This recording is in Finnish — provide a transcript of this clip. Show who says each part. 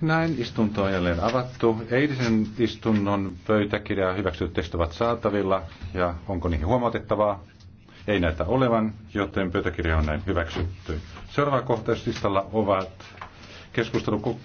Speaker 1: Näin istunto on jälleen avattu. Eilisen istunnon pöytäkirjaa hyväksytyt tekstit ovat saatavilla ja onko niihin huomautettavaa? Ei näitä olevan, joten pöytäkirja on näin hyväksytty. Seuraava kohtaus ovat keskustelu